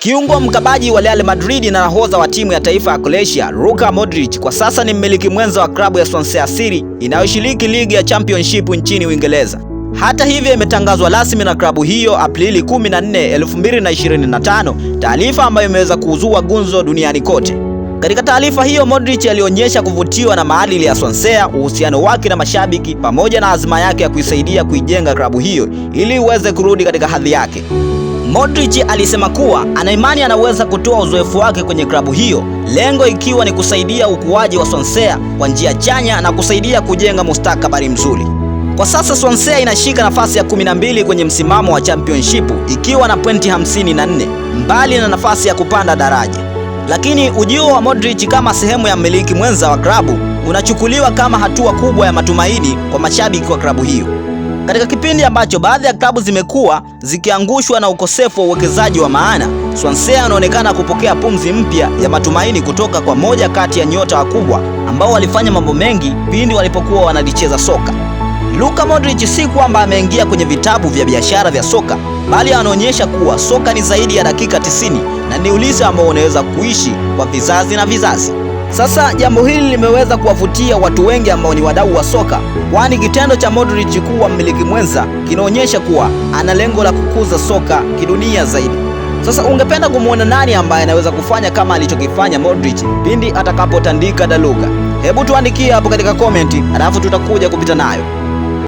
Kiungo mkabaji wa Real Madrid na nahodha wa timu ya taifa ya Croatia, Luka Modric kwa sasa ni mmiliki mwenza wa klabu ya Swansea City inayoshiriki ligi ya Championship nchini Uingereza. Hata hivyo, imetangazwa rasmi na klabu hiyo Aprili 14, 2025, taarifa ambayo imeweza kuuzua gunzo duniani kote. Katika taarifa hiyo, Modric alionyesha kuvutiwa na maadili ya Swansea, uhusiano wake na mashabiki pamoja na azma yake ya kuisaidia kuijenga klabu hiyo ili iweze kurudi katika hadhi yake. Modric alisema kuwa ana imani anaweza kutoa uzoefu wake kwenye klabu hiyo, lengo ikiwa ni kusaidia ukuaji wa Swansea kwa njia chanya na kusaidia kujenga mustakabali mzuri. Kwa sasa Swansea inashika nafasi ya 12 kwenye msimamo wa championship ikiwa na pointi 54 mbali na nafasi ya kupanda daraja. Lakini ujio wa Modric kama sehemu ya mmiliki mwenza wa klabu unachukuliwa kama hatua kubwa ya matumaini kwa mashabiki wa klabu hiyo. Katika kipindi ambacho baadhi ya klabu zimekuwa zikiangushwa na ukosefu wa uwekezaji wa maana, Swansea anaonekana kupokea pumzi mpya ya matumaini kutoka kwa moja kati ya nyota wakubwa ambao walifanya mambo mengi pindi walipokuwa wanalicheza soka. Luka Modric si kwamba ameingia kwenye vitabu vya biashara vya soka, bali anaonyesha kuwa soka ni zaidi ya dakika 90 na ni ulisi ambao unaweza kuishi kwa vizazi na vizazi. Sasa jambo hili limeweza kuwavutia watu wengi ambao ni wadau wa soka, kwani kitendo cha Modric kuwa mmiliki mwenza kinaonyesha kuwa ana lengo la kukuza soka kidunia zaidi. Sasa ungependa kumwona nani ambaye anaweza kufanya kama alichokifanya Modric pindi atakapotandika daluga Hebu tuandikie hapo katika komenti, alafu tutakuja kupita nayo.